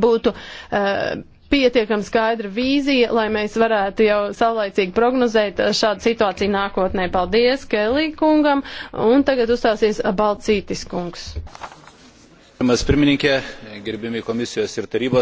būtu uh, pietiekami skaidra vīzija, lai mēs varētu jau saulaicīgi prognozēt uh, šādu situāciju nākotnē. Paldies Kelī kungam, un tagad uzstāsies Balcītis kungs. Pirmās pirmininkē, gerbimi komisijos ir tarybos